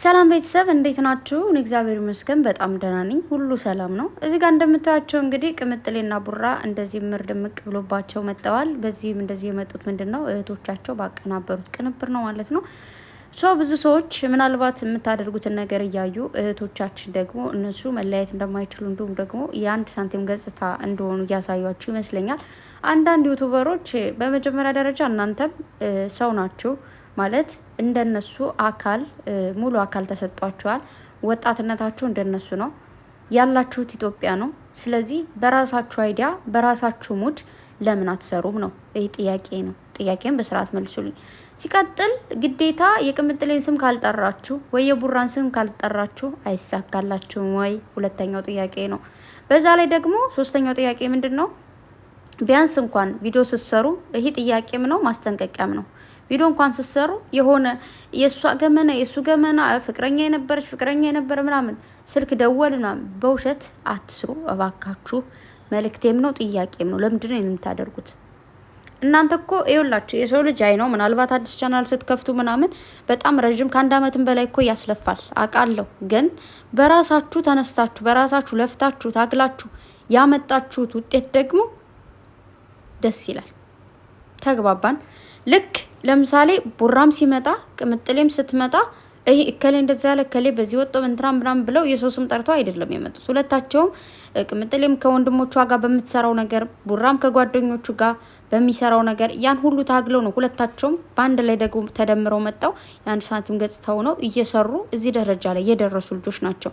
ሰላም ቤተሰብ እንዴት ናችሁ? እኔ እግዚአብሔር ይመስገን በጣም ደህና ነኝ፣ ሁሉ ሰላም ነው። እዚህ ጋር እንደምታያቸው እንግዲህ ቅምጥሌና ቡራ እንደዚህ ምር ድምቅ ብሎባቸው መጠዋል። በዚህም እንደዚህ የመጡት ምንድን ነው እህቶቻቸው ባቀናበሩት ቅንብር ነው ማለት ነው። ሶ ብዙ ሰዎች ምናልባት የምታደርጉትን ነገር እያዩ እህቶቻችን ደግሞ እነሱ መለያየት እንደማይችሉ እንዲሁም ደግሞ የአንድ ሳንቲም ገጽታ እንደሆኑ እያሳያችሁ ይመስለኛል። አንዳንድ ዩቱበሮች በመጀመሪያ ደረጃ እናንተም ሰው ናችሁ ማለት እንደነሱ አካል ሙሉ አካል ተሰጥቷቸዋል ወጣትነታችሁ እንደነሱ ነው። ያላችሁት ኢትዮጵያ ነው። ስለዚህ በራሳችሁ አይዲያ በራሳችሁ ሙድ ለምን አትሰሩም ነው። ይህ ጥያቄ ነው። ጥያቄም በስርዓት መልሱልኝ። ሲቀጥል ግዴታ የቅምጥሌን ስም ካልጠራችሁ ወይ የቡራን ስም ካልጠራችሁ አይሳካላችሁም ወይ? ሁለተኛው ጥያቄ ነው። በዛ ላይ ደግሞ ሶስተኛው ጥያቄ ምንድን ነው? ቢያንስ እንኳን ቪዲዮ ስትሰሩ ይህ ጥያቄም ነው ማስጠንቀቂያም ነው። ቪዲዮ እንኳን ስትሰሩ የሆነ የእሷ ገመና የእሱ ገመና ፍቅረኛ የነበረች ፍቅረኛ የነበረ ምናምን ስልክ ደወል ምናምን በውሸት አትስሩ እባካችሁ። መልእክቴም ነው ጥያቄም ነው። ለምንድነው የምታደርጉት? እናንተ እኮ ይኸውላችሁ የሰው ልጅ አይ ነው ምናልባት አዲስ ቻናል ስትከፍቱ ምናምን በጣም ረዥም ከአንድ አመትም በላይ እኮ ያስለፋል አውቃለሁ። ግን በራሳችሁ ተነስታችሁ በራሳችሁ ለፍታችሁ ታግላችሁ ያመጣችሁት ውጤት ደግሞ ደስ ይላል። ተግባባን ልክ ለምሳሌ ቡራም ሲመጣ ቅምጥሌም ስትመጣ ይህ እከሌ እንደዛ ያለ እከሌ በዚህ ወጦ እንትራ ብናም ብለው የሰው ስም ጠርተው አይደለም የመጡት። ሁለታቸውም ቅምጥሌም ከወንድሞቿ ጋር በምትሰራው ነገር፣ ቡራም ከጓደኞቹ ጋር በሚሰራው ነገር ያን ሁሉ ታግለው ነው ሁለታቸውም በአንድ ላይ ደግሞ ተደምረው መጣው የአንድ ሳንቲም ገጽተው ነው እየሰሩ እዚህ ደረጃ ላይ የደረሱ ልጆች ናቸው።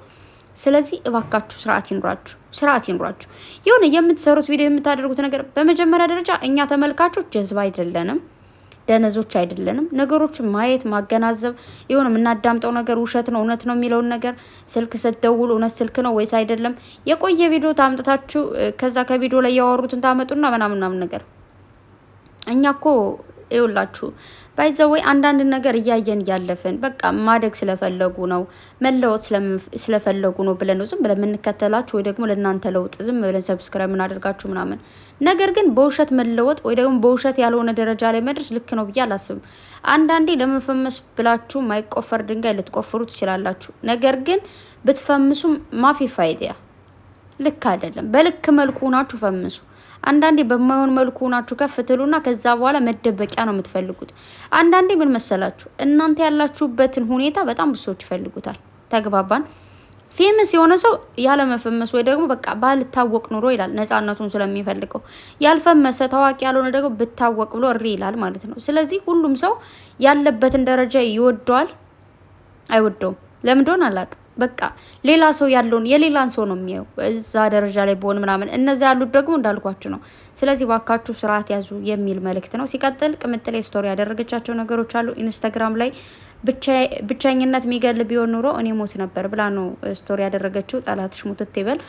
ስለዚህ እባካችሁ ስርዓት ይኑራችሁ፣ ስርዓት ይኑራችሁ። የሆነ የምትሰሩት ቪዲዮ የምታደርጉት ነገር በመጀመሪያ ደረጃ እኛ ተመልካቾች ጀዝባ አይደለንም። ደነዞች አይደለንም። ነገሮችን ማየት ማገናዘብ፣ የሆነ የምናዳምጠው ነገር ውሸት ነው እውነት ነው የሚለውን ነገር ስልክ ስትደውል እውነት ስልክ ነው ወይስ አይደለም፣ የቆየ ቪዲዮ ታምጥታችሁ ከዛ ከቪዲዮ ላይ ያወሩትን ታመጡና ምናምን ምናምን ነገር እኛ እኮ ይውላችሁ ባይዘወይ አንዳንድ ነገር እያየን እያለፍን በቃ ማደግ ስለፈለጉ ነው መለወጥ ስለፈለጉ ነው ብለን ነው ዝም ብለን የምንከተላችሁ ወይ ደግሞ ለእናንተ ለውጥ ዝም ብለን ሰብስክራይብ የምናደርጋችሁ ምናምን። ነገር ግን በውሸት መለወጥ ወይ ደግሞ በውሸት ያልሆነ ደረጃ ላይ መድረስ ልክ ነው ብዬ አላስብም። አንዳንዴ ለመፈመስ ብላችሁ ማይቆፈር ድንጋይ ልትቆፍሩ ትችላላችሁ። ነገር ግን ብትፈምሱም ማፊ ፋይዲያ ልክ አይደለም። በልክ መልኩ ናችሁ ፈምሱ። አንዳንዴ በማይሆን መልኩ ሆናችሁ ከፍ ትሉና ከዛ በኋላ መደበቂያ ነው የምትፈልጉት። አንዳንዴ ምን መሰላችሁ፣ እናንተ ያላችሁበትን ሁኔታ በጣም ብዙ ሰዎች ይፈልጉታል። ተግባባን። ፌመስ የሆነ ሰው ያለመፈመስ ወይ ደግሞ በቃ ባልታወቅ ኑሮ ይላል፣ ነጻነቱን ስለሚፈልገው። ያልፈመሰ ታዋቂ ያልሆነ ደግሞ ብታወቅ ብሎ እሪ ይላል ማለት ነው። ስለዚህ ሁሉም ሰው ያለበትን ደረጃ ይወደዋል፣ አይወደውም። ለምንደሆን እንደሆነ በቃ ሌላ ሰው ያለውን የሌላን ሰው ነው የሚየው። እዛ ደረጃ ላይ በሆን ምናምን እነዚ ያሉት ደግሞ እንዳልኳችሁ ነው። ስለዚህ ባካችሁ ስርዓት ያዙ የሚል መልእክት ነው። ሲቀጥል ቅምጥሌ ስቶሪ ያደረገቻቸው ነገሮች አሉ። ኢንስታግራም ላይ ብቸኝነት የሚገል ቢሆን ኑሮ እኔ ሞት ነበር ብላ ነው ስቶሪ ያደረገችው። ጠላትሽ ሙትት ይበል።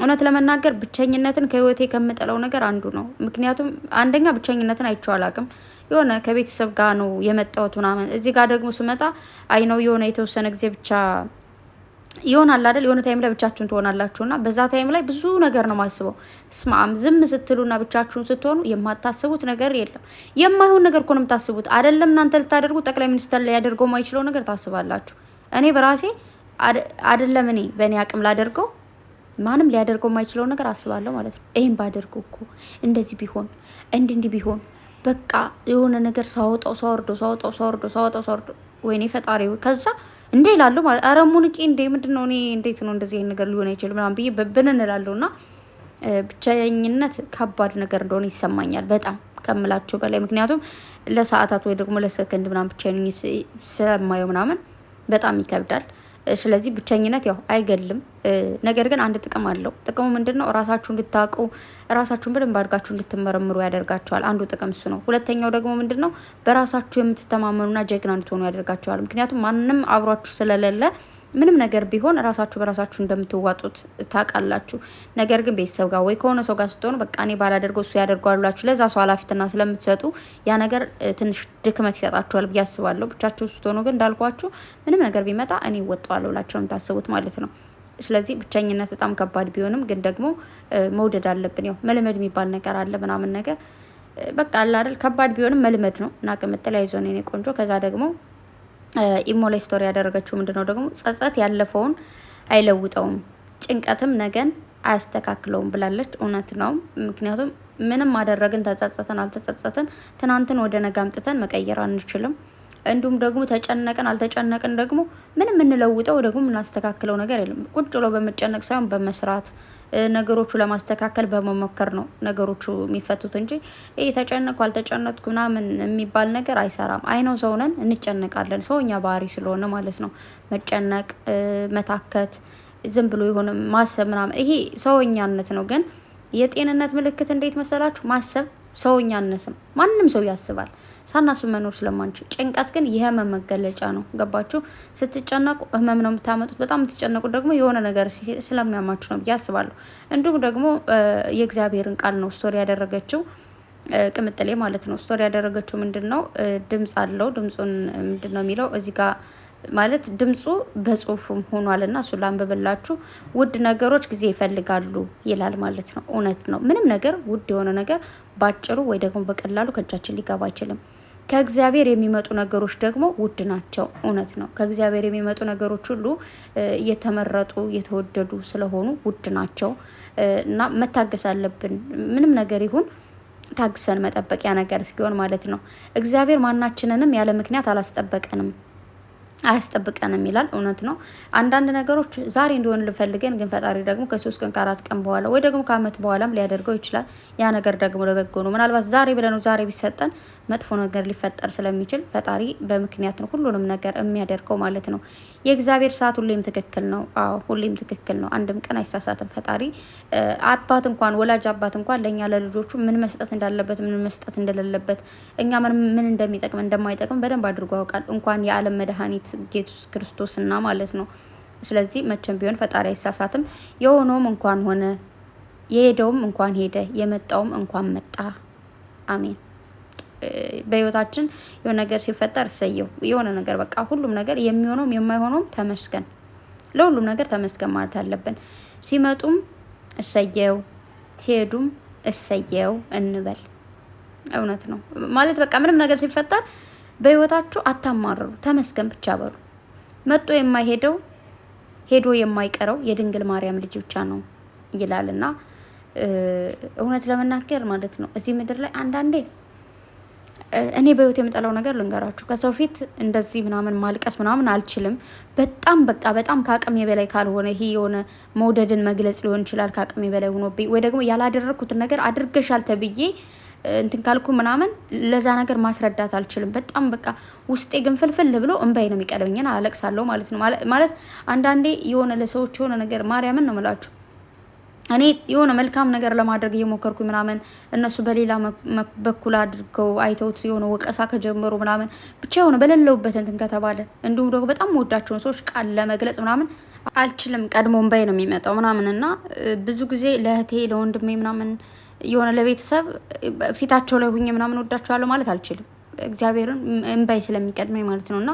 እውነት ለመናገር ብቸኝነትን ከህይወቴ ከምጠለው ነገር አንዱ ነው። ምክንያቱም አንደኛ ብቸኝነትን አይቼው አላቅም። የሆነ ከቤተሰብ ጋር ነው የመጣሁት ምናምን። እዚህ ጋር ደግሞ ስመጣ አይ ነው የሆነ የተወሰነ ጊዜ ብቻ ይሆናል አይደል? የሆነ ታይም ላይ ብቻችሁን ትሆናላችሁና በዛ ታይም ላይ ብዙ ነገር ነው የማስበው። ስማም ዝም ስትሉና ብቻችሁን ስትሆኑ የማታስቡት ነገር የለም። የማይሆን ነገር እኮ ነው የምታስቡት አይደለም? እናንተ ልታደርጉ ጠቅላይ ሚኒስትር ላይ ያደርገው የማይችለው ነገር ታስባላችሁ። እኔ በራሴ አይደለም እኔ በእኔ አቅም ላደርገው ማንም ሊያደርገው የማይችለው ነገር አስባለሁ ማለት ነው። ይህም ባደርገው እኮ እንደዚህ ቢሆን እንዲህ እንዲህ ቢሆን በቃ የሆነ ነገር ሳወጣው ሳወርዶ ሳወጣው ሳወርዶ ሳወጣው ሳወርዶ ወይኔ ፈጣሪ ከዛ እንዴ ላሉ ማለት ኧረ ሙንቄ እንዴ ምንድን ነው እኔ እንዴት ነው እንደዚህ አይነት ነገር ሊሆን አይችልም ምናምን ብዬ ብብን እንላለሁ። እና ብቸኝነት ከባድ ነገር እንደሆነ ይሰማኛል በጣም ከምላችሁ በላይ ምክንያቱም ለሰዓታት ወይ ደግሞ ለሰከንድ ምናምን ብቻ ስለማየው ምናምን በጣም ይከብዳል። ስለዚህ ብቸኝነት ያው አይገልም፣ ነገር ግን አንድ ጥቅም አለው። ጥቅሙ ምንድን ነው? ራሳችሁ እንድታውቁ ራሳችሁን በደንብ አድርጋችሁ እንድትመረምሩ ያደርጋቸዋል። አንዱ ጥቅም እሱ ነው። ሁለተኛው ደግሞ ምንድን ነው? በራሳችሁ የምትተማመኑና ጀግና እንድትሆኑ ያደርጋቸዋል። ምክንያቱም ማንም አብሯችሁ ስለሌለ ምንም ነገር ቢሆን ራሳችሁ በራሳችሁ እንደምትዋጡት ታውቃላችሁ። ነገር ግን ቤተሰብ ጋር ወይ ከሆነ ሰው ጋር ስትሆኑ በቃ እኔ ባላደርገው እሱ ያደርጓላችሁ ለዛ ሰው ኃላፊትና ስለምትሰጡ ያ ነገር ትንሽ ድክመት ይሰጣችኋል ብዬ አስባለሁ። ብቻችሁ ስትሆኑ ግን እንዳልኳችሁ ምንም ነገር ቢመጣ እኔ እወጣዋለሁ ብላችሁ ነው የምታስቡት ማለት ነው። ስለዚህ ብቸኝነት በጣም ከባድ ቢሆንም ግን ደግሞ መውደድ አለብን። ያው መልመድ የሚባል ነገር አለ ምናምን ነገር በቃ አለ አይደል? ከባድ ቢሆንም መልመድ ነው እና ቅምጥ ላይ የኔ ቆንጆ ከዛ ደግሞ ኢሞ ላይ ስቶሪ ያደረገችው ምንድነው ደግሞ ጸጸት ያለፈውን አይለውጠውም፣ ጭንቀትም ነገን አያስተካክለውም ብላለች። እውነት ነው። ምክንያቱም ምንም አደረግን፣ ተጸጸትን፣ አልተጸጸትን ትናንትን ወደ ነገ አምጥተን መቀየር አንችልም። እንዲሁም ደግሞ ተጨነቅን አልተጨነቅን ደግሞ ምንም የምንለውጠው ደግሞ የምናስተካክለው ነገር የለም። ቁጭ ብሎ በመጨነቅ ሳይሆን በመስራት ነገሮቹ ለማስተካከል በመሞከር ነው ነገሮቹ የሚፈቱት እንጂ ይህ ተጨነቅኩ አልተጨነቅኩ ምናምን የሚባል ነገር አይሰራም። አይነው ሰው ነን፣ እንጨነቃለን። ሰውኛ ባህሪ ስለሆነ ማለት ነው መጨነቅ፣ መታከት፣ ዝም ብሎ የሆነ ማሰብ ምናምን፣ ይሄ ሰውኛነት ነው። ግን የጤንነት ምልክት እንዴት መሰላችሁ ማሰብ ሰውኛነትም ማንም ሰው ያስባል። ሳናሱ መኖር ስለማንችል ጭንቀት ግን የህመም መገለጫ ነው። ገባችሁ? ስትጨነቁ ህመም ነው የምታመጡት። በጣም የምትጨነቁት ደግሞ የሆነ ነገር ስለሚያማችሁ ነው ብዬ አስባለሁ። እንዲሁም ደግሞ የእግዚአብሔርን ቃል ነው ስቶሪ ያደረገችው ቅምጥሌ ማለት ነው። ስቶሪ ያደረገችው ምንድን ነው? ድምፅ አለው። ድምፁን ምንድን ነው የሚለው እዚህ ጋር ማለት ድምፁ በጽሁፉም ሆኗል እና እሱ ላንብብላችሁ። ውድ ነገሮች ጊዜ ይፈልጋሉ ይላል ማለት ነው። እውነት ነው። ምንም ነገር ውድ የሆነ ነገር ባጭሩ ወይ ደግሞ በቀላሉ ከእጃችን ሊገባ አይችልም። ከእግዚአብሔር የሚመጡ ነገሮች ደግሞ ውድ ናቸው። እውነት ነው። ከእግዚአብሔር የሚመጡ ነገሮች ሁሉ እየተመረጡ የተወደዱ ስለሆኑ ውድ ናቸው እና መታገስ አለብን። ምንም ነገር ይሁን ታግሰን መጠበቂያ ነገር እስኪሆን ማለት ነው። እግዚአብሔር ማናችንንም ያለ ምክንያት አላስጠበቀንም። አያስጠብቀንም ይላል። እውነት ነው። አንዳንድ ነገሮች ዛሬ እንዲሆን ልፈልገን፣ ግን ፈጣሪ ደግሞ ከሶስት ቀን ከአራት ቀን በኋላ ወይ ደግሞ ከአመት በኋላም ሊያደርገው ይችላል። ያ ነገር ደግሞ ለበጎ ነው። ምናልባት ዛሬ ብለነው ዛሬ ቢሰጠን መጥፎ ነገር ሊፈጠር ስለሚችል ፈጣሪ በምክንያት ነው ሁሉንም ነገር የሚያደርገው ማለት ነው። የእግዚአብሔር ሰዓት ሁሌም ትክክል ነው። አዎ ሁሌም ትክክል ነው። አንድም ቀን አይሳሳትም ፈጣሪ። አባት እንኳን ወላጅ አባት እንኳን ለእኛ ለልጆቹ ምን መስጠት እንዳለበት ምን መስጠት እንደሌለበት እኛ ምን እንደሚጠቅም እንደማይጠቅም በደንብ አድርጎ ያውቃል። እንኳን የዓለም መድኃኒት ኢየሱስ ክርስቶስና ማለት ነው። ስለዚህ መቼም ቢሆን ፈጣሪ አይሳሳትም። የሆነውም እንኳን ሆነ፣ የሄደውም እንኳን ሄደ፣ የመጣውም እንኳን መጣ። አሜን። በህይወታችን የሆነ ነገር ሲፈጠር እሰየው፣ የሆነ ነገር በቃ ሁሉም ነገር የሚሆነውም የማይሆነውም ተመስገን፣ ለሁሉም ነገር ተመስገን ማለት አለብን። ሲመጡም እሰየው፣ ሲሄዱም እሰየው እንበል። እውነት ነው ማለት በቃ ምንም ነገር ሲፈጠር በህይወታችሁ አታማረሩ፣ ተመስገን ብቻ በሉ። መጦ የማይሄደው ሄዶ የማይቀረው የድንግል ማርያም ልጅ ብቻ ነው ይላልና እውነት ለመናገር ማለት ነው እዚህ ምድር ላይ አንዳንዴ እኔ በህይወት የምጠላው ነገር ልንገራችሁ፣ ከሰው ፊት እንደዚህ ምናምን ማልቀስ ምናምን አልችልም። በጣም በቃ በጣም ከአቅሜ በላይ ካልሆነ ይሄ የሆነ መውደድን መግለጽ ሊሆን ይችላል። ከአቅሜ በላይ ሆኖብኝ ወይ ደግሞ ያላደረግኩትን ነገር አድርገሻል ተብዬ እንትን ካልኩ ምናምን ለዛ ነገር ማስረዳት አልችልም። በጣም በቃ ውስጤ ግን ፍልፍል ብሎ እንባይ ነው የሚቀለብኝና አለቅሳለሁ ማለት ነው። ማለት አንዳንዴ የሆነ ለሰዎች የሆነ ነገር ማርያምን ነው ምላችሁ እኔ የሆነ መልካም ነገር ለማድረግ እየሞከርኩ ምናምን እነሱ በሌላ በኩል አድርገው አይተውት የሆነ ወቀሳ ከጀመሩ ምናምን ብቻ የሆነ በሌለውበት እንትን ከተባለ እንዲሁም ደግሞ በጣም ወዳቸውን ሰዎች ቃል ለመግለጽ ምናምን አልችልም። ቀድሞ እምባይ ነው የሚመጣው ምናምን እና ብዙ ጊዜ ለእህቴ ለወንድሜ ምናምን የሆነ ለቤተሰብ ፊታቸው ላይ ሁኜ ምናምን ወዳቸዋለሁ ማለት አልችልም። እግዚአብሔርን እንባይ ስለሚቀድመኝ ማለት ነው። እና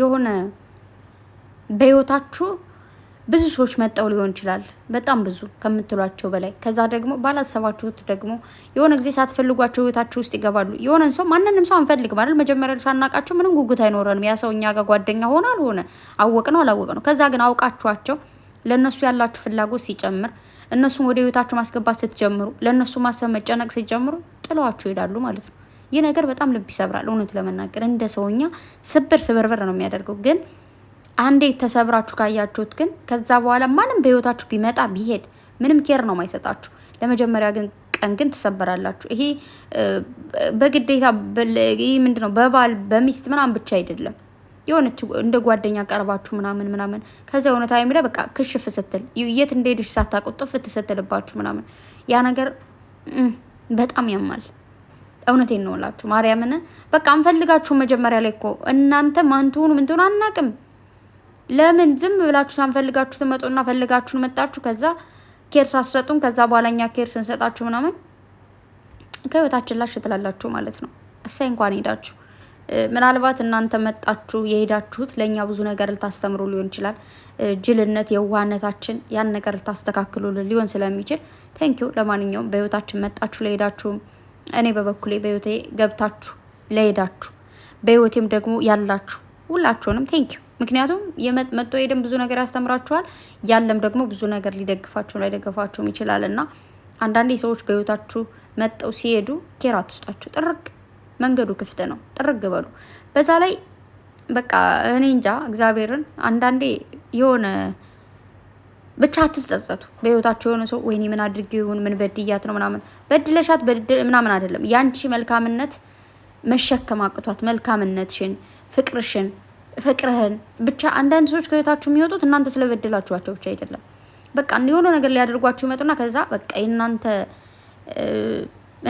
የሆነ በህይወታችሁ ብዙ ሰዎች መጠው ሊሆን ይችላል፣ በጣም ብዙ ከምትሏቸው በላይ። ከዛ ደግሞ ባላሰባችሁት ደግሞ የሆነ ጊዜ ሳትፈልጓቸው ህይወታችሁ ውስጥ ይገባሉ። የሆነን ሰው ማንንም ሰው አንፈልግ ማለት መጀመሪያ ሳናቃቸው ምንም ጉጉት አይኖረንም። ያ ሰው እኛ ጋር ጓደኛ ሆነ አልሆነ፣ አወቅ ነው አላወቅ ነው። ከዛ ግን አውቃችኋቸው ለእነሱ ያላችሁ ፍላጎት ሲጨምር፣ እነሱን ወደ ህይወታችሁ ማስገባት ስትጀምሩ፣ ለእነሱ ማሰብ መጨነቅ ሲጀምሩ ጥለዋችሁ ይሄዳሉ ማለት ነው። ይህ ነገር በጣም ልብ ይሰብራል። እውነት ለመናገር እንደ ሰውኛ ስብር ስብርብር ነው የሚያደርገው። ግን አንዴ ተሰብራችሁ ካያችሁት ግን ከዛ በኋላ ማንም በህይወታችሁ ቢመጣ ቢሄድ ምንም ኬር ነው ማይሰጣችሁ። ለመጀመሪያ ግን ቀን ግን ትሰበራላችሁ። ይሄ በግዴታ ይህ ምንድነው በባል በሚስት ምናምን ብቻ አይደለም። የሆነች እንደ ጓደኛ ቀርባችሁ ምናምን ምናምን ከዚ የሆነ ታይም ላይ በቃ ክሽፍ ስትል የት እንደሄድሽ ሳታቆጥፍ ትስትልባችሁ ምናምን ያ ነገር በጣም ያማል። እውነቴን ነው እላችሁ ማርያምን። በቃ አንፈልጋችሁ መጀመሪያ ላይ እኮ እናንተ ማን ትሆኑ ምን ትሆኑ አናቅም። ለምን ዝም ብላችሁ ሳንፈልጋችሁ ትመጡና ፈልጋችሁን መጣችሁ፣ ከዛ ኬርስ ሳትሰጡን፣ ከዛ በኋላ እኛ ኬር ስንሰጣችሁ ምናምን ከህይወታችን ላሽ ትላላችሁ ማለት ነው። እሳይ እንኳን ሄዳችሁ ምናልባት እናንተ መጣችሁ የሄዳችሁት ለእኛ ብዙ ነገር ልታስተምሩ ሊሆን ይችላል። ጅልነት፣ የዋህነታችን ያን ነገር ልታስተካክሉልን ሊሆን ስለሚችል ቴንኪው። ለማንኛውም በህይወታችን መጣችሁ ለሄዳችሁም እኔ በበኩሌ በህይወቴ ገብታችሁ ለሄዳችሁ በህይወቴም ደግሞ ያላችሁ ሁላችሁንም ቴንኪው። ምክንያቱም መጥቶ ሄደም ብዙ ነገር ያስተምራችኋል፣ ያለም ደግሞ ብዙ ነገር ሊደግፋችሁ ላይደግፋችሁም ይችላል እና አንዳንዴ ሰዎች በህይወታችሁ መጠው ሲሄዱ ኬራ አትስጧቸው ጥርቅ መንገዱ ክፍት ነው። ጥርግ በሉ። በዛ ላይ በቃ እኔ እንጃ እግዚአብሔርን አንዳንዴ የሆነ ብቻ አትጸጸቱ። በህይወታቸው የሆነ ሰው ወይኔ ምን አድርጌ ይሁን ምን በድያት ነው ምናምን በድለሻት ምናምን አይደለም። ያንቺ መልካምነት መሸከም አቅቷት መልካምነትሽን፣ ፍቅርሽን፣ ፍቅርህን ብቻ አንዳንድ ሰዎች ከህይወታችሁ የሚወጡት እናንተ ስለበድላችኋቸው ብቻ አይደለም። በቃ የሆነ ነገር ሊያደርጓችሁ ይመጡና ከዛ በቃ የእናንተ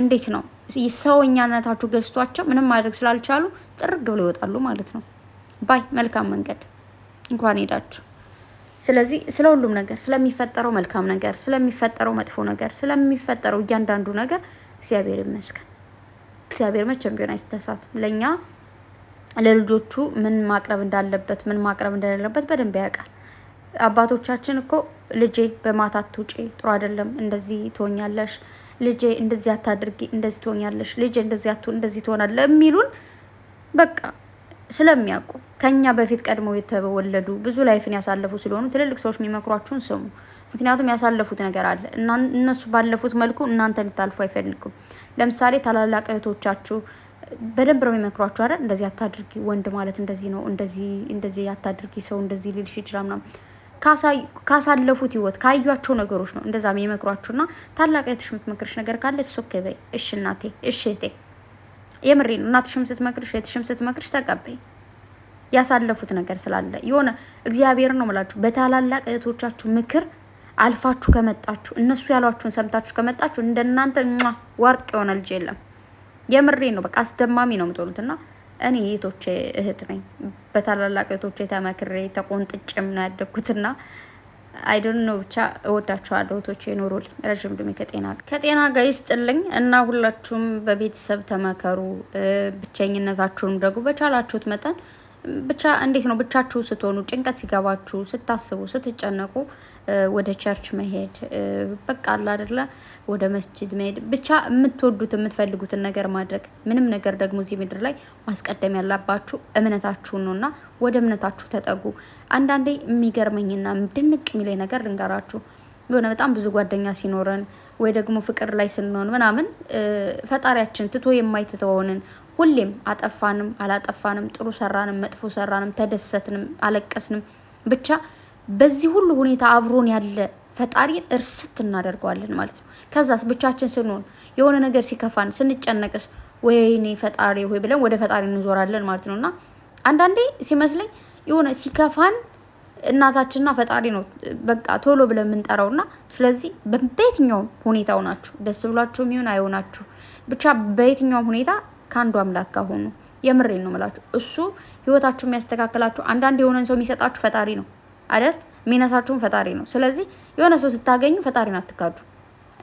እንዴት ነው ሰውኛነታችሁ ገዝቷቸው ምንም ማድረግ ስላልቻሉ ጥርግ ብለው ይወጣሉ ማለት ነው። ባይ መልካም መንገድ እንኳን ሄዳችሁ። ስለዚህ ስለ ሁሉም ነገር ስለሚፈጠረው መልካም ነገር ስለሚፈጠረው መጥፎ ነገር ስለሚፈጠረው እያንዳንዱ ነገር እግዚአብሔር ይመስገን። እግዚአብሔር መቼም ቢሆን አይስተሳትም። ለእኛ ለልጆቹ ምን ማቅረብ እንዳለበት ምን ማቅረብ እንደሌለበት በደንብ ያውቃል። አባቶቻችን እኮ ልጄ በማታት ውጪ ጥሩ አይደለም፣ እንደዚህ ትሆኛለሽ ልጄ እንደዚህ አታድርጊ፣ እንደዚህ ትሆኛለሽ፣ ልጄ እንደዚህ አትሆን፣ እንደዚህ ትሆናለ የሚሉን በቃ ስለሚያውቁ ከኛ በፊት ቀድመው የተወለዱ ብዙ ላይፍን ያሳለፉ ስለሆኑ ትልልቅ ሰዎች የሚመክሯችሁን ስሙ። ምክንያቱም ያሳለፉት ነገር አለ። እነሱ ባለፉት መልኩ እናንተ እንድታልፉ አይፈልጉም። ለምሳሌ ታላላቅ እህቶቻችሁ በደንብ ነው የሚመክሯችሁ አይደል? እንደዚህ አታድርጊ፣ ወንድ ማለት እንደዚህ ነው፣ እንደዚህ እንደዚህ አታድርጊ፣ ሰው እንደዚህ ሊልሽ ይችላል ምናምን ካሳለፉት ህይወት ካዩቸው ነገሮች ነው እንደዛም የመክሯችሁና ታላቅ እህትሽ የምትመክርሽ ነገር ካለ ሶኬ በይ። እሺ እናቴ፣ እሺ እህቴ፣ የምሬ ነው። እናትሽም ስትመክርሽ እህትሽም ስትመክርሽ ተቀበይ። ያሳለፉት ነገር ስላለ የሆነ እግዚአብሔር ነው የምላችሁ። በታላላቅ እህቶቻችሁ ምክር አልፋችሁ ከመጣችሁ እነሱ ያሏችሁን ሰምታችሁ ከመጣችሁ እንደናንተ ዋርቅ የሆነ ልጅ የለም። የምሬ ነው። በቃ አስደማሚ ነው የምትሉትና እኔ የቶቼ እህት ነኝ። በታላላቅ እህቶቼ ተመክሬ ተቆንጥጬ ምን ያደግኩትና አይዶን ነው ብቻ እወዳቸዋለሁ። እህቶቼ ይኖሩልኝ ረዥም እድሜ ከጤና ከጤና ጋር ይስጥልኝ እና ሁላችሁም በቤተሰብ ተመከሩ። ብቸኝነታችሁንም ደግሞ በቻላችሁት መጠን ብቻ እንዴት ነው ብቻችሁ ስትሆኑ ጭንቀት ሲገባችሁ ስታስቡ ስትጨነቁ ወደ ቸርች መሄድ በቃ አለ አይደለ ወደ መስጅድ መሄድ ብቻ የምትወዱት የምትፈልጉትን ነገር ማድረግ ምንም ነገር ደግሞ እዚህ ምድር ላይ ማስቀደም ያለባችሁ እምነታችሁን ነው እና ወደ እምነታችሁ ተጠጉ አንዳንዴ የሚገርመኝና ድንቅ የሚለኝ ነገር ልንገራችሁ የሆነ በጣም ብዙ ጓደኛ ሲኖረን ወይ ደግሞ ፍቅር ላይ ስንሆን ምናምን ፈጣሪያችን ትቶ የማይትተወንን ሁሌም አጠፋንም አላጠፋንም፣ ጥሩ ሰራንም መጥፎ ሰራንም፣ ተደሰትንም አለቀስንም፣ ብቻ በዚህ ሁሉ ሁኔታ አብሮን ያለ ፈጣሪ እርስት እናደርገዋለን ማለት ነው። ከዛስ ብቻችን ስንሆን የሆነ ነገር ሲከፋን ስንጨነቅስ ወይኔ ፈጣሪ ወይ ብለን ወደ ፈጣሪ እንዞራለን ማለት ነው እና አንዳንዴ ሲመስለኝ የሆነ ሲከፋን እናታችንና ፈጣሪ ነው በቃ ቶሎ ብለን የምንጠራው እና ስለዚህ በየትኛውም ሁኔታ ሆናችሁ ደስ ብሏችሁ የሚሆን አይሆናችሁ ብቻ በየትኛውም ሁኔታ ከአንዱ አምላክ ጋር ሆኑ። የምሬን ነው ምላችሁ። እሱ ህይወታችሁ የሚያስተካክላችሁ አንዳንድ የሆነን ሰው የሚሰጣችሁ ፈጣሪ ነው አይደል? የሚነሳችሁም ፈጣሪ ነው። ስለዚህ የሆነ ሰው ስታገኙ ፈጣሪን አትካዱ።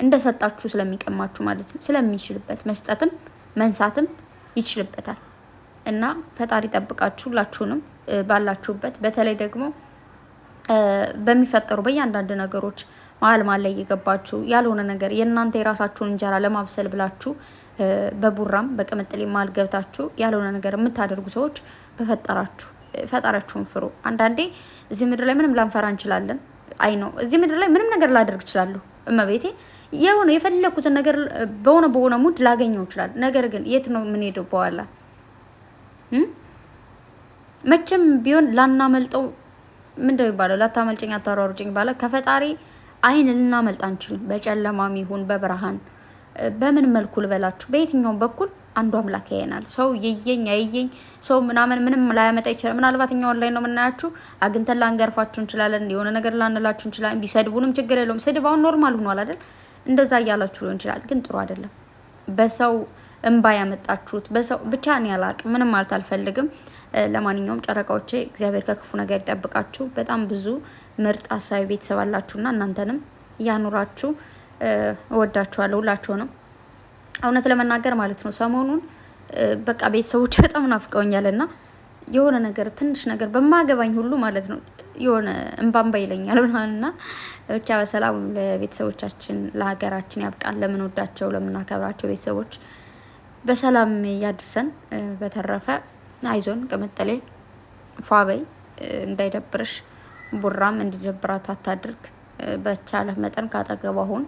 እንደሰጣችሁ ስለሚቀማችሁ ማለት ነው። ስለሚችልበት መስጠትም መንሳትም ይችልበታል እና ፈጣሪ ጠብቃችሁ ሁላችሁንም ባላችሁበት በተለይ ደግሞ በሚፈጠሩ በእያንዳንድ ነገሮች መሀል መሀል ላይ እየገባችሁ ያልሆነ ነገር የእናንተ የራሳችሁን እንጀራ ለማብሰል ብላችሁ በቡራም በቅምጥሌ መሀል ገብታችሁ ያልሆነ ነገር የምታደርጉ ሰዎች በፈጠራችሁ ፈጣሪያችሁን ፍሩ። አንዳንዴ እዚህ ምድር ላይ ምንም ላንፈራ እንችላለን። አይ ነው እዚህ ምድር ላይ ምንም ነገር ላደርግ እችላለሁ። እመቤቴ የሆነ የፈለግኩትን ነገር በሆነ በሆነ ሙድ ላገኘው ይችላል። ነገር ግን የት ነው የምንሄደው? በኋላ መቼም ቢሆን ላናመልጠው ምንድነው ይባለው ላታመልጭኝ አታሯሩጭኝ ባለ ከፈጣሪ አይን ልናመልጥ አንችልም። በጨለማም ይሁን በብርሃን በምን መልኩ ልበላችሁ፣ በየትኛውም በኩል አንዱ አምላክ ያየናል። ሰው የየኝ አይየኝ ሰው ምናምን ምንም ላያመጣ ይችላል። ምናልባት እኛ ኦንላይን ነው የምናያችሁ፣ አግኝተን ላንገርፋችሁ እንችላለን። የሆነ ነገር ላንላችሁ እንችላለን። ቢሰድቡንም ችግር የለውም። ስድብ አሁን ኖርማል ሆኗል አይደል? እንደዛ እያላችሁ ሊሆን ይችላል፣ ግን ጥሩ አይደለም በሰው እንባ ያመጣችሁት በሰው ብቻ ነው ያላቅ ምንም ማለት አልፈልግም። ለማንኛውም ጨረቃዎቼ እግዚአብሔር ከክፉ ነገር ይጠብቃችሁ። በጣም ብዙ ምርጥ አሳቢ ቤተሰብ አላችሁና እናንተንም እያኑራችሁ እወዳችኋለሁ። ሁላችሁንም እውነት ለመናገር ማለት ነው ሰሞኑን በቃ ቤተሰቦች በጣም ናፍቀውኛል እና የሆነ ነገር ትንሽ ነገር በማገባኝ ሁሉ ማለት ነው የሆነ እንባንባ ይለኛል ምናምንና ብቻ በሰላም ለቤተሰቦቻችን ለሀገራችን ያብቃን። ለምንወዳቸው ለምናከብራቸው ቤተሰቦች በሰላም ያድርሰን። በተረፈ አይዞን ቅምጥሌ ፏበይ እንዳይደብርሽ፣ ቡራም እንዲደብራት አታድርግ። በቻለ መጠን ካጠገቧ አሁን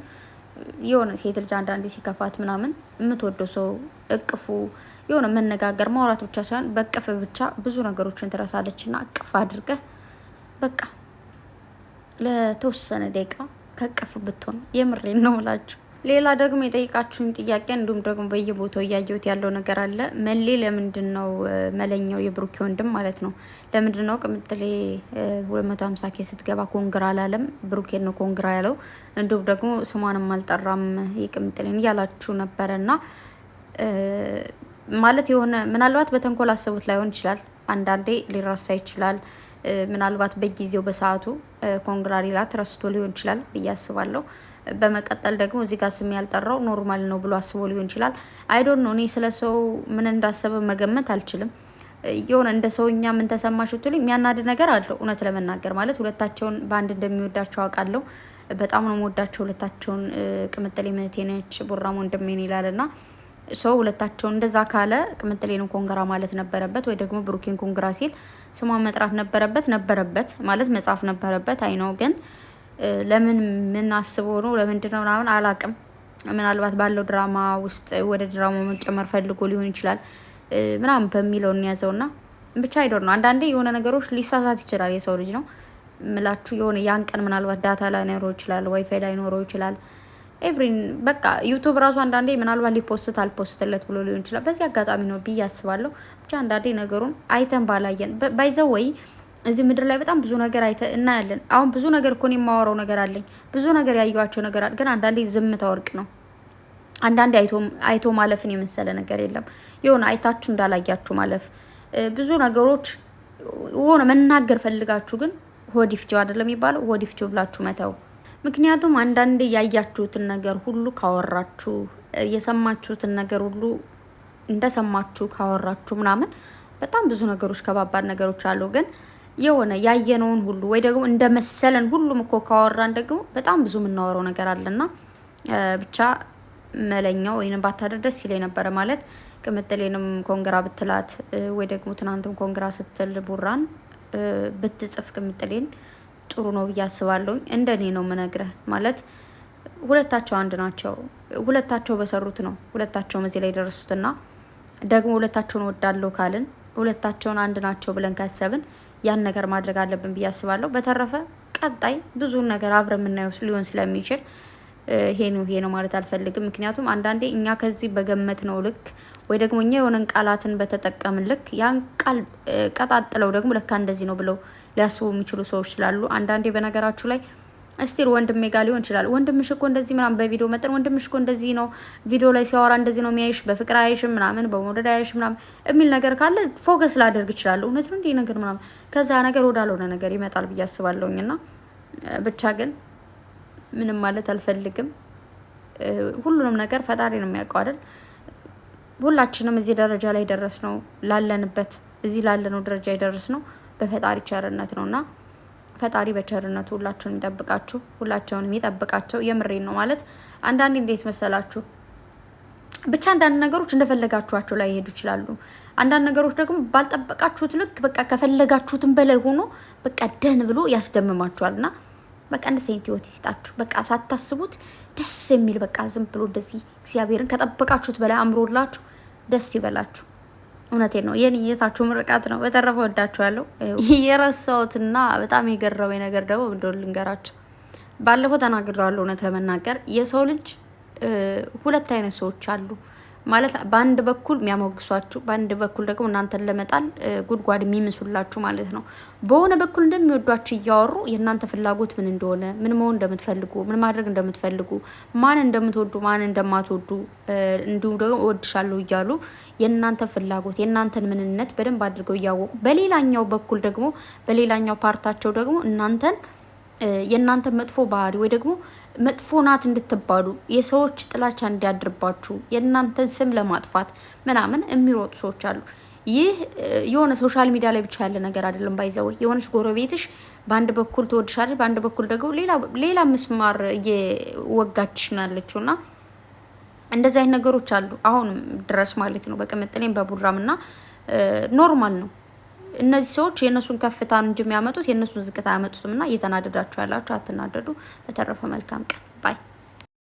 የሆነ ሴት ልጅ አንዳንዴ ሲከፋት ምናምን የምትወደው ሰው እቅፉ የሆነ መነጋገር ማውራት ብቻ ሳይሆን በቅፍ ብቻ ብዙ ነገሮችን ትረሳለች እቅፍ አድርገህ በቃ ለተወሰነ ደቂቃ ከቅፍ ብትሆን የምሬን ነው ምላችሁ ሌላ ደግሞ የጠይቃችሁን ጥያቄ እንዲሁም ደግሞ በየቦታው እያየሁት ያለው ነገር አለ። መሌ ለምንድን ነው መለኛው የብሩኬ ወንድም ማለት ነው፣ ለምንድን ነው ቅምጥሌ 250 ኬ ስትገባ ኮንግራ አላለም? ብሩኬ ነው ኮንግራ ያለው። እንዲሁም ደግሞ ስሟንም አልጠራም የቅምጥሌን እያላችሁ ነበረ እና ማለት የሆነ ምናልባት በተንኮል አሰቡት ላይሆን ይችላል። አንዳንዴ ሊረሳ ይችላል። ምናልባት በጊዜው በሰዓቱ ኮንግራሪላት ረስቶ ሊሆን ይችላል ብዬ አስባለሁ። በመቀጠል ደግሞ እዚህ ጋር ስም ያልጠራው ኖርማል ነው ብሎ አስቦ ሊሆን ይችላል። አይዶን ነው እኔ ስለ ሰው ምን እንዳሰበ መገመት አልችልም። የሆነ እንደ ሰውኛ ምን ተሰማሽ ብትሉኝ የሚያናድ ነገር አለው። እውነት ለመናገር ማለት ሁለታቸውን በአንድ እንደሚወዳቸው አውቃለሁ። በጣም ነው የምወዳቸው ሁለታቸውን። ቅምጥሌ እህቴ ነች፣ ቡራም ይላል ና ሰው ሁለታቸው እንደዛ ካለ ቅምጥሌንም ኮንግራ ማለት ነበረበት፣ ወይ ደግሞ ብሩኬን ኮንግራ ሲል ስሟን መጥራት ነበረበት። ነበረበት ማለት መጻፍ ነበረበት። አይ ነው ግን ለምን አስቦ ነው ለምንድን ነው ምናምን አላቅም። ምናልባት ባለው ድራማ ውስጥ ወደ ድራማው መጨመር ፈልጎ ሊሆን ይችላል ምናምን በሚለው እንያዘውና ብቻ አይደር ነው። አንዳንዴ የሆነ ነገሮች ሊሳሳት ይችላል። የሰው ልጅ ነው ምላችሁ የሆነ ያን ቀን ምናልባት ዳታ ላይኖረው ይችላል፣ ዋይፋይ ላይኖረው ይችላል ኤቭሪን በቃ ዩቱብ ራሱ አንዳንዴ ምናልባት ሊፖስት አልፖስትለት ብሎ ሊሆን ይችላል። በዚህ አጋጣሚ ነው ብዬ አስባለሁ። ብቻ አንዳንዴ ነገሩን አይተን ባላየን ባይዘው ወይ እዚህ ምድር ላይ በጣም ብዙ ነገር አይተ እናያለን። አሁን ብዙ ነገር እኮ እኔ የማወራው ነገር አለኝ፣ ብዙ ነገር ያየኋቸው ነገር አለ። ግን አንዳንዴ ዝምታ ወርቅ ነው። አንዳንዴ አይቶ ማለፍን የመሰለ ነገር የለም። የሆነ አይታችሁ እንዳላያችሁ ማለፍ ብዙ ነገሮች ሆነ መናገር ፈልጋችሁ ግን ሆዲፍጆ አይደለም የሚባለው ሆዲፍጆ ብላችሁ መተው ምክንያቱም አንዳንዴ ያያችሁትን ነገር ሁሉ ካወራችሁ የሰማችሁትን ነገር ሁሉ እንደሰማችሁ ካወራችሁ ምናምን በጣም ብዙ ነገሮች ከባባድ ነገሮች አሉ። ግን የሆነ ያየነውን ሁሉ ወይ ደግሞ እንደመሰለን ሁሉም እኮ ካወራን ደግሞ በጣም ብዙ የምናወረው ነገር አለና ብቻ መለኛው ወይም ባታደር ደስ ይለኝ ነበረ ማለት ቅምጥሌንም ኮንግራ ብትላት ወይ ደግሞ ትናንትም ኮንግራ ስትል ቡራን ብትጽፍ ቅምጥሌን ጥሩ ነው ብዬ አስባለሁኝ። እንደኔ ነው ምነግረህ ማለት ሁለታቸው አንድ ናቸው። ሁለታቸው በሰሩት ነው ሁለታቸው እዚህ ላይ ደረሱትና ደግሞ ሁለታቸውን ወዳለው ካልን ሁለታቸውን አንድ ናቸው ብለን ካሰብን ያን ነገር ማድረግ አለብን ብዬ አስባለሁ። በተረፈ ቀጣይ ብዙን ነገር አብረ የምናየው ሊሆን ስለሚችል ይሄ ነው ይሄ ነው ማለት አልፈልግም። ምክንያቱም አንዳንዴ እኛ ከዚህ በገመት ነው ልክ ወይ ደግሞ እኛ የሆነን ቃላትን በተጠቀምን ልክ ያን ቃል ቀጣጥለው ደግሞ ለካ እንደዚህ ነው ብለው ሊያስቡ የሚችሉ ሰዎች ስላሉ አንዳንዴ በነገራችሁ ላይ እስቲል ወንድሜ ጋር ሊሆን ይችላል። ወንድምሽ እኮ እንደዚህ ምናምን በቪዲዮ መጠን ወንድምሽ እኮ እንደዚህ ነው፣ ቪዲዮ ላይ ሲያወራ እንደዚህ ነው የሚያይሽ፣ በፍቅር አይሽ ምናምን በመውደድ አይሽ ምናምን የሚል ነገር ካለ ፎከስ ላደርግ እችላለሁ። እውነት ነው እንዲህ ነገር ምናምን ከዛ ነገር ወዳልሆነ ነገር ይመጣል ብዬ አስባለሁኝ። እና ብቻ ግን ምንም ማለት አልፈልግም። ሁሉንም ነገር ፈጣሪ ነው የሚያውቀው አይደል? ሁላችንም እዚህ ደረጃ ላይ ደረስ ነው ላለንበት እዚህ ላለነው ደረጃ የደረስ ነው በፈጣሪ ቸርነት ነውና ፈጣሪ በቸርነቱ ሁላችሁን ይጠብቃችሁ፣ ሁላቸውንም ይጠብቃቸው። የምሬን ነው ማለት አንዳንዴ እንዴት መሰላችሁ ብቻ አንዳንድ ነገሮች እንደፈለጋችኋቸው ላይ ይሄዱ ይችላሉ። አንዳንድ ነገሮች ደግሞ ባልጠበቃችሁት ልክ በቃ ከፈለጋችሁትም በላይ ሆኖ በቃ ደን ብሎ ያስደምማችኋል እና በቃ እንደ አይነት ህይወት ይስጣችሁ። በቃ ሳታስቡት ደስ የሚል በቃ ዝም ብሎ እንደዚህ እግዚአብሔርን ከጠበቃችሁት በላይ አምሮላችሁ ደስ ይበላችሁ። እውነቴን ነው። ይህን የታችሁ ምርቃት ነው። በተረፈ ወዳችኋለሁ። የረሳሁትና በጣም የገረመኝ ነገር ደግሞ እንደሆነ ልንገራችሁ። ባለፈው ተናግረዋለሁ። እውነት ለመናገር የሰው ልጅ ሁለት አይነት ሰዎች አሉ። ማለት በአንድ በኩል የሚያሞግሷችሁ፣ በአንድ በኩል ደግሞ እናንተን ለመጣል ጉድጓድ የሚምሱላችሁ ማለት ነው። በሆነ በኩል እንደሚወዷችሁ እያወሩ የእናንተ ፍላጎት ምን እንደሆነ፣ ምን መሆን እንደምትፈልጉ፣ ምን ማድረግ እንደምትፈልጉ፣ ማን እንደምትወዱ፣ ማን እንደማትወዱ እንዲሁም ደግሞ እወድሻለሁ እያሉ የእናንተ ፍላጎት የእናንተን ምንነት በደንብ አድርገው እያወቁ በሌላኛው በኩል ደግሞ በሌላኛው ፓርታቸው ደግሞ እናንተን የእናንተ መጥፎ ባህሪ ወይ ደግሞ መጥፎ ናት እንድትባሉ የሰዎች ጥላቻ እንዲያድርባችሁ የእናንተን ስም ለማጥፋት ምናምን የሚሮጡ ሰዎች አሉ። ይህ የሆነ ሶሻል ሚዲያ ላይ ብቻ ያለ ነገር አይደለም። ባይዘወ የሆነች ጎረቤትሽ በአንድ በኩል ትወድሻለች፣ በአንድ በኩል ደግሞ ሌላ ምስማር እየወጋችሽ ነው ያለችው እና እንደዚህ አይነት ነገሮች አሉ አሁንም ድረስ ማለት ነው። በቅምጥሌም በቡራም እና ኖርማል ነው። እነዚህ ሰዎች የእነሱን ከፍታን እንጂ የሚያመጡት የእነሱን ዝቅታ አያመጡትም። እና እየተናደዳችሁ ያላችሁ አትናደዱ። በተረፈ መልካም ቀን